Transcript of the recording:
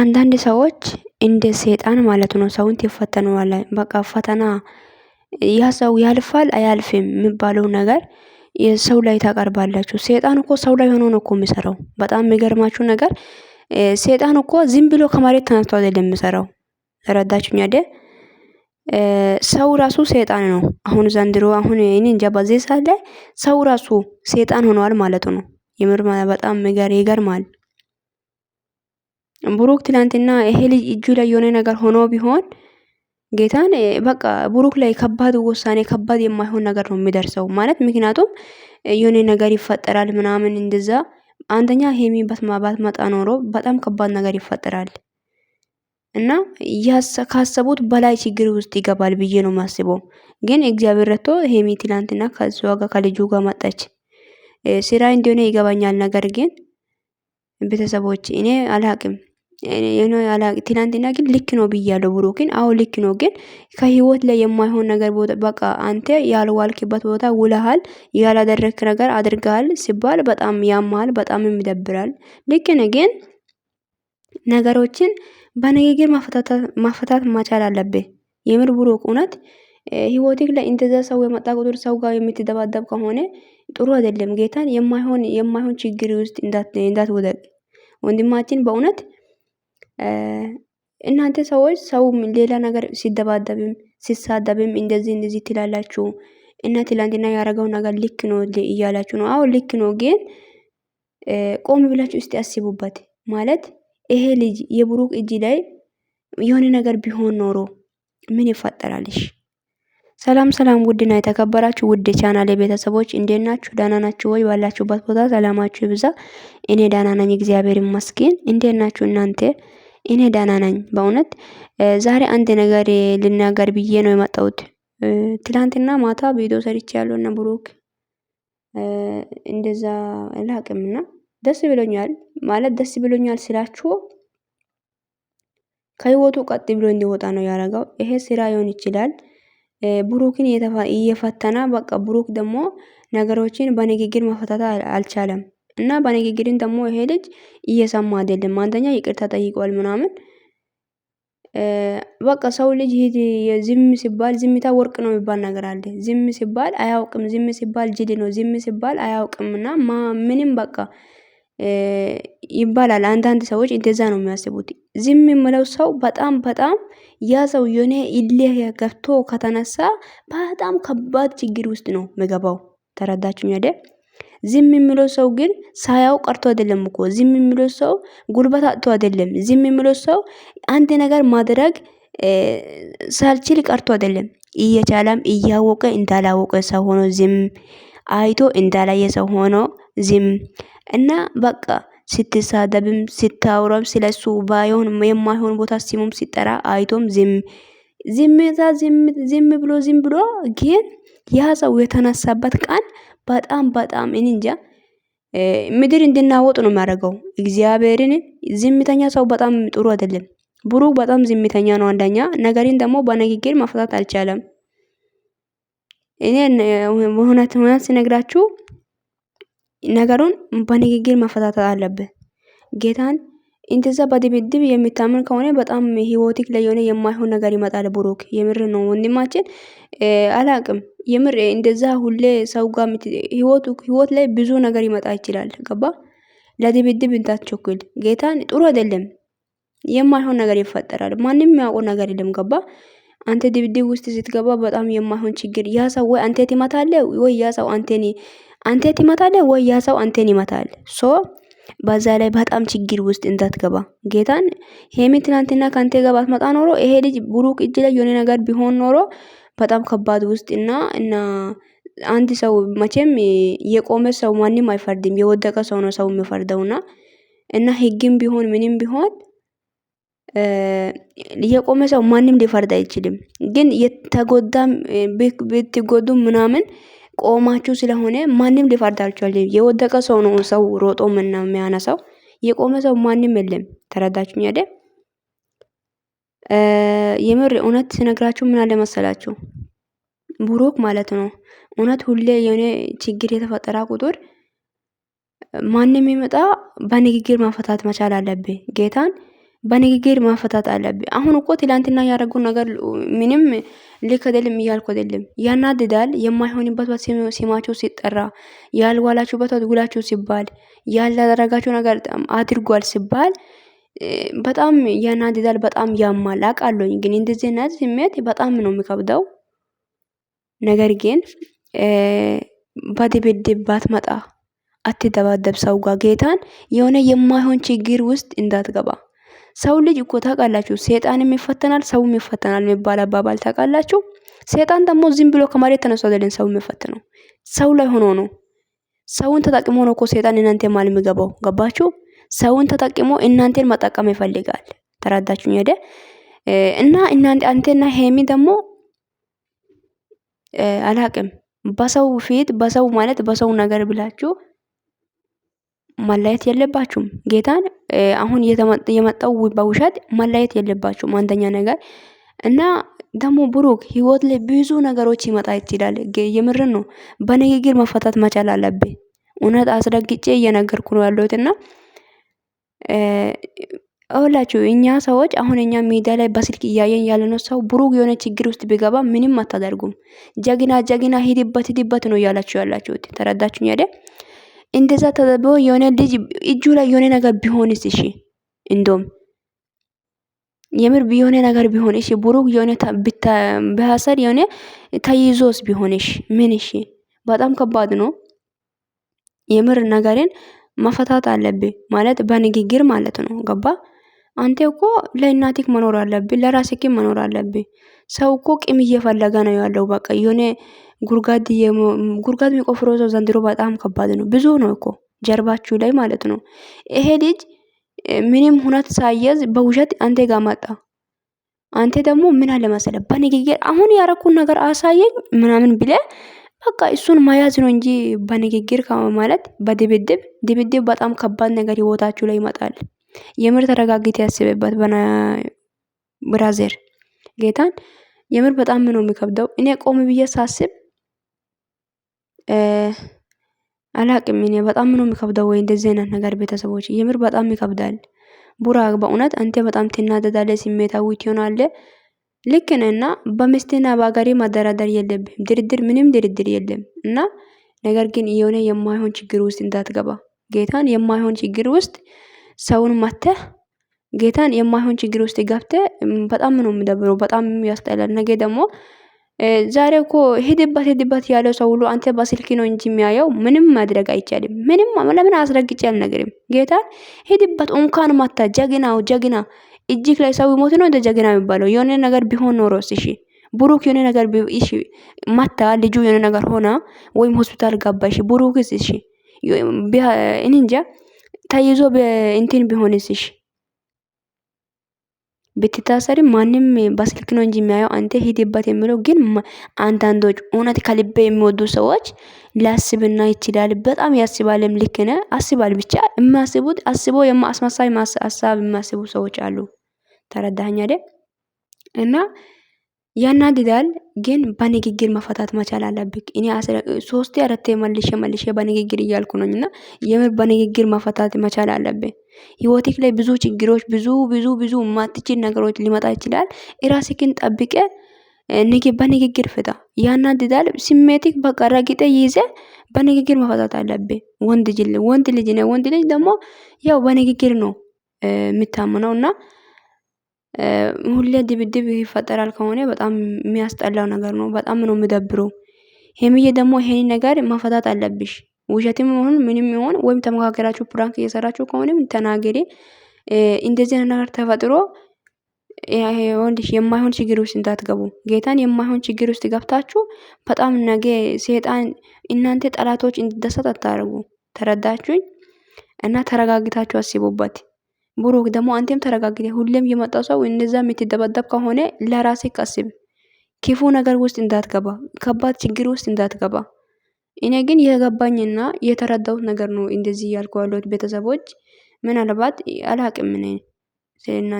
አንዳንድ ሰዎች እንደ ሰይጣን ማለት ነው ሰውን ይፈተነዋል። በቃ ፈተና ያ ሰው ያልፋል አያልፍም የሚባለው ነገር የሰው ላይ ታቀርባላችሁ። ሰይጣን እኮ ሰው ላይ ሆኖ ነው እኮ የሚሰራው። በጣም የሚገርማችሁ ነገር ሰይጣን እኮ ዝም ብሎ ከመሬት ተነስቶ አይደለም የሚሰራው። ረዳችሁኝ አይደል? ሰው ራሱ ሰይጣን ነው። አሁን ዘንድሮ አሁን እኔ እንጃ በዚህ ሰዓት ላይ ሰው ራሱ ሰይጣን ሆኗል ማለት ነው። የምር በጣም ይገርማል። ብሩክ ትላንትና ይሄ ልጅ እጁ ላይ የሆነ ነገር ሆኖ ቢሆን ጌታን በቃ ብሩክ ላይ ከባድ ውሳኔ ከባድ የማይሆን ነገር ነው የሚደርሰው ማለት ምክንያቱም የሆነ ነገር ይፈጠራል ምናምን እንደዛ አንደኛ ሄሚ በትማባት መጣ ኖሮ በጣም ከባድ ነገር ይፈጠራል እና ካሰቡት በላይ ችግር ውስጥ ይገባል ብዬ ነው ማስበው። ግን እግዚአብሔር ረቶ ሄሚ ትላንትና ከሱ ጋር ከልጁ ጋር መጣች። ስራ እንዲሆነ ይገባኛል። ነገር ግን ቤተሰቦች እኔ አልሀቅም ትናንትና ግን ልክ ነው ብያለው ብያለሁ። ግን አሁ ልክ ነው፣ ግን ከህይወት ላይ የማይሆን ነገር በቃ አንተ ያልዋልክበት ቦታ ውለሃል፣ ያላደረክ ነገር አድርገሃል ሲባል በጣም ያማል፣ በጣም ይደብራል። ልክ ነው፣ ግን ነገሮችን በንግግር ማፈታት ማቻል አለብህ። የምር ብሩክ እውነት ህይወትህ ላይ እንደዛ ሰው የመጣ ቁጥር ሰው ጋር የምትደባደብ ከሆነ ጥሩ አይደለም። ጌታን የማይሆን የማይሆን ችግር ውስጥ እንዳትወደቅ ወንድማችን በእውነት እናንተ ሰዎች ሰው ሌላ ነገር ሲደባደብም ሲሳደብም እንደዚህ እንደዚህ ትላላችሁ እና ትላንትና ያደረገው ነገር ልክ ነው እያላችሁ ነው። አዎ ልክ ነው፣ ግን ቆም ብላችሁ እስቲ አስቡበት። ማለት ይሄ ልጅ የብሩክ እጅ ላይ የሆነ ነገር ቢሆን ኖሮ ምን ይፈጠራልሽ? ሰላም ሰላም፣ ውድና የተከበራችሁ ውድ ቻናል ቤተሰቦች እንዴት ናችሁ? ዳና ናችሁ ወይ? ባላችሁበት ቦታ ሰላማችሁ ይብዛ። እኔ ዳና ነኝ፣ እግዚአብሔር ይመስገን። እንዴት ናችሁ እናንተ? እኔ ደህና ነኝ። በእውነት ዛሬ አንድ ነገር ልናገር ብዬ ነው የመጣሁት። ትላንትና ማታ ቪዲዮ ሰርቼ ያለውና ብሩክ እንደዛ ላቅምና ደስ ብሎኛል። ማለት ደስ ብሎኛል ስላችሁ ከህይወቱ ቀጥ ብሎ እንዲወጣ ነው ያረጋው። ይሄ ስራ ይሆን ይችላል ብሩክን እየፈተና በቃ ብሩክ ደግሞ ነገሮችን በንግግር መፈታት አልቻለም። እና በንግግርን ደግሞ ይሄ ልጅ እየሰማ አይደለም። አንደኛ ይቅርታ ጠይቋል ምናምን በቃ ሰው ልጅ ዝም ሲባል ዝምታ ወርቅ ነው የሚባል ነገር አለ። ዝም ሲባል አያውቅም፣ ዝም ሲባል ጅል ነው፣ ዝም ሲባል አያውቅም እና ምንም በቃ ይባላል። አንዳንድ ሰዎች እንደዛ ነው የሚያስቡት። ዝም የምለው ሰው በጣም በጣም ያ ሰው የሆነ እልህ ገብቶ ከተነሳ በጣም ከባድ ችግር ውስጥ ነው ምገባው። ተረዳችሁኝ አይደል? ዝም የሚለው ሰው ግን ሳያው ቀርቶ አይደለም እኮ ዝም የሚለው ሰው ጉልበት አጥቶ አይደለም። ዝም የሚለው ሰው አንድ ነገር ማድረግ ሳልችል ቀርቶ አይደለም እየቻለም እያወቀ እንዳላወቀ ሰው ሆኖ ዝም አይቶ እንዳላየ ሰው ሆኖ ዝም እና በቃ ስትሳደብም ስታውረም ስለሱ ባይሆን የማይሆን ቦታ ሲሙም ሲጠራ አይቶም ዝም ዝምታ ዝም ብሎ ዝም ብሎ ግን ያ ሰው የተነሳበት ቀን በጣም በጣም እኔ እንጃ ምድር እንድናወጥ ነው የሚያደርገው። እግዚአብሔርን ዝምተኛ ሰው በጣም ጥሩ አይደለም። ብሩክ በጣም ዝምተኛ ነው። አንደኛ ነገርን ደግሞ በንግግር መፍታት አልቻለም። እኔ እውነት እውነት ሲነግራችሁ ነገሩን በንግግር መፈታት አለብን ጌታን እንደዛ በድብድብ የሚታመን ከሆነ በጣም ህይወትክ ላይ የሆነ የማይሆን ነገር ይመጣል። ብሩክ የምር ነው ወንድማችን። አላቅም የምር እንደዛ ሁሌ ሰው ጋር ህይወት ላይ ብዙ ነገር ይመጣ ይችላል። ገባ ለድብድብ እንዳትቸኩል። ጌታን ጥሩ አይደለም። የማይሆን ነገር ይፈጠራል። ማንም የሚያውቁ ነገር የለም። ገባ አንተ ድብድብ ውስጥ ስትገባ በጣም የማይሆን ችግር ያ ሰው ወይ አንተ ትመታለህ ወይ ያ ሰው አንተን አንተ ትመታለህ ወይ ያ ሰው አንተን ይመታል ሶ በዛ ላይ በጣም ችግር ውስጥ እንዳትገባ ጌታን ሄሚ ትናንትና ካንቴ ጋር ባትመጣ ኖሮ ይሄ ልጅ ብሩክ እጅ ላይ የሆነ ነገር ቢሆን ኖሮ በጣም ከባድ ውስጥ እና እና አንድ ሰው መቼም የቆመ ሰው ማንም አይፈርድም። የወደቀ ሰው ነው ሰው የሚፈርደውና እና ህግም ቢሆን ምንም ቢሆን የቆመ ሰው ማንም ሊፈርድ አይችልም። ግን የተጎዳም ብትጎዱ ምናምን ቆማችሁ ስለሆነ ማንም ሊፈርዳችሁ አይችልም። የወደቀ ሰው ነው ሰው ሮጦ ምና የሚያነሳው የቆመ ሰው ማንም የለም። ተረዳችሁኝ አይደል? የምር እውነት ስነግራችሁ ምን አለ መሰላችሁ ቡሩክ ማለት ነው እውነት ሁሌ የሆነ ችግር የተፈጠረ ቁጥር ማንም ይመጣ በንግግር ማፈታት መቻል አለብን ጌታን በንግግር ማፈታት አለብህ። አሁን እኮ ትላንትና ያደረጉ ነገር ምንም ልክ አይደለም እያልኩ አይደለም። ያናድዳል። የማይሆንበት ስማችሁ ሲጠራ፣ ያልዋላችሁበት ውላችሁ ሲባል፣ ያላደረጋችሁ ነገር አድርጓል ሲባል በጣም ያናድዳል። በጣም ያማል። አውቃለሁኝ። ግን እንደዚህ አይነት ስሜት በጣም ነው የሚከብደው። ነገር ግን በድብድብ ባትመጣ፣ አትደባደብ ሰው ጋር ጌታን የሆነ የማይሆን ችግር ውስጥ እንዳትገባ ሰው ልጅ እኮ ታውቃላችሁ፣ ሴጣንም ይፈተናል፣ ሰውም ይፈተናል የሚባል አባባል ታውቃላችሁ። ሴጣን ደግሞ ዝም ብሎ ከመሬት ተነሱ አይደለም ሰው የሚፈትነው፣ ሰው ላይ ሆኖ ነው። ሰውን ተጠቅሞ ነው እኮ ሴጣን እናንተ ማል የሚገባው ገባችሁ። ሰውን ተጠቅሞ እናንተን መጠቀም ይፈልጋል። ተረዳችሁኝ ሄደ እና እናንተ አንተና ሄሚ ደግሞ አላቅም በሰው ፊት በሰው ማለት በሰው ነገር ብላችሁ ማላየት የለባችሁም። ጌታን አሁን የመጣው በውሸት ማለያየት የለባችሁም አንደኛ ነገር እና ደግሞ ብሩክ ህይወት ላይ ብዙ ነገሮች ይመጣ ይችላል። የምርን ነው በንግግር መፈታት መቻል አለብ እውነት አስደግጬ እየነገርኩ ነው ያለሁት እና እኛ ሰዎች አሁን እኛ ሚዲያ ላይ በስልክ እያየን ያለነው ሰው ብሩክ የሆነ ችግር ውስጥ ቢገባ ምንም አታደርጉም። ጀግና ጀግና ሂድበት ሂድበት ነው እያላችሁ ያላችሁት። ተረዳችሁኝ አይደል? እንደዛ ተጠብቆ የሆነ ልጅ እጁ ላይ የሆነ ነገር ቢሆንስ? እሺ እንደውም የምር የሆነ ነገር ቢሆን እሺ፣ ብሩክ የሆነ በሀሰድ የሆነ ተይዞስ ቢሆን እሺ፣ ምን እሺ፣ በጣም ከባድ ነው። የምር ነገርን መፈታት አለብህ ማለት በንግግር ማለት ነው። ገባ አንተ እኮ ለእናቴክ መኖር አለብኝ ለራስህ መኖር አለብኝ። ሰው እኮ ቂም እየፈለገ ነው ያለው። በቃ የሆነ ጉርጋድ ጉርጋድ የሚቆፍረው ሰው ዘንድሮ በጣም ከባድ ነው። ብዙ ነው እኮ ጀርባችሁ ላይ ማለት ነው። ይሄ ልጅ ምንም ሁነት ሳይያዝ በውሸት አንተ ጋር መጣ። አንተ ደግሞ ምን አለ መሰለ በንግግር አሁን ያረኩን ነገር አሳየኝ ምናምን ብለ በቃ እሱን መያዝ ነው እንጂ በንግግር ማለት በድብድብ ድብድብ በጣም ከባድ ነገር ህይወታችሁ ላይ ይመጣል። የምር ተረጋግት ያስብበት ብራዘር ጌታን የምር በጣም ነው የሚከብደው። እኔ ቆም ብዬ ሳስብ አላቅም። እኔ በጣም ነው የሚከብደው ወይ እንደዚህ አይነት ነገር ቤተሰቦች፣ የምር በጣም ይከብዳል። ቡራ በእውነት አንተ በጣም ትናደዳለ፣ ስሜታዊ ትሆናለ። ልክ ነህ እና በሚስትና በአጋሪ ማደራደር የለብህም። ድርድር ምንም ድርድር የለም እና ነገር ግን የሆነ የማይሆን ችግር ውስጥ እንዳትገባ ጌታን የማይሆን ችግር ውስጥ ሰውን ማተ ጌታን የማይሆን ችግር ውስጥ ገብተህ በጣም ነው የሚደብረው። በጣም የሚያስጠላል። ነገ ደግሞ ዛሬ እኮ ሂድባት ሂድባት ያለው ሰው ሁሉ አንተ በስልክ ነው እንጂ የሚያየው ምንም ማድረግ አይቻልም። ምንም ለምን አስረግጬ ነገርም ጌታን ሂድባት እንኳን ማታ ጀግናው ጀግና እጅግ ላይ ሰው ሞት ነው እንደ ጀግና የሚባለው የሆነ ነገር ቢሆን ኖሮስ እሺ ብሩክ የሆነ ነገር እሺ ማታ ልጁ የሆነ ነገር ሆና ወይም ሆስፒታል ጋባሽ ብሩክስ እሺ እኔ እንጃ ተይዞ እንትን ቢሆንስሽ ብትታሰሪ ማንም በስልክ ነው እንጂ የሚያየው አንተ ሂድበት የሚለው ግን አንዳንዶች እውነት ከልቤ የሚወዱ ሰዎች ሊያስብና ይችላል። በጣም ያስባለም ልክ ነ አስባል ብቻ የሚያስቡት አስቦ የማስመሳይ ሀሳብ የሚያስቡ ሰዎች አሉ። ተረዳኛ አይደል? እና ያናድዳል። ግን በንግግር መፈታት መቻል አለብክ። እኔ ሶስቴ አረቴ መልሼ መልሼ በንግግር እያልኩ ነኝ እና የምር በንግግር መፈታት መቻል አለብ። ህይወቴክ ላይ ብዙ ችግሮች ብዙ ብዙ ብዙ ማትችል ነገሮች ሊመጣ ይችላል። እራስክን ጠብቀ ንግ በንግግር ፍታ። ያናድዳል ስሜትክ በቃ ረግጠ ይዘ በንግግር መፈታት አለብ። ወንድ ልጅ ነ ወንድ ልጅ ደግሞ ያው በንግግር ነው የምታምነው እና ሁሌ ድብድብ ይፈጠራል ከሆነ በጣም የሚያስጠላው ነገር ነው። በጣም ነው የሚደብረው። ሄምዬ ደግሞ ይሄን ነገር ማፈታት አለብሽ። ውሸትም ሆን ምንም ሆን ወይም ተመካከራችሁ ፕራንክ እየሰራችሁ ከሆነም ተናገሪ። እንደዚህ ነገር ተፈጥሮ ወንድሽ የማይሆን ችግር ውስጥ እንዳትገቡ። ጌታን የማይሆን ችግር ውስጥ ገብታችሁ በጣም ነገ ሴጣን እናንተ ጠላቶች እንዲደሰት አታደርጉ። ተረዳችሁኝ? እና ተረጋግታችሁ አስቡበት። ብሩክ ደግሞ አንተም ተረጋግደ። ሁሌም የመጣው ሰው እንደዛ የምትደበደብ ከሆነ ለራሴ ቀስብ ክፉ ነገር ውስጥ እንዳትገባ፣ ከባድ ችግር ውስጥ እንዳትገባ። እኔ ግን የገባኝና የተረዳሁት ነገር ነው እንደዚህ ያልኩ ያለሁት ቤተሰቦች ምናልባት አላቅም ነ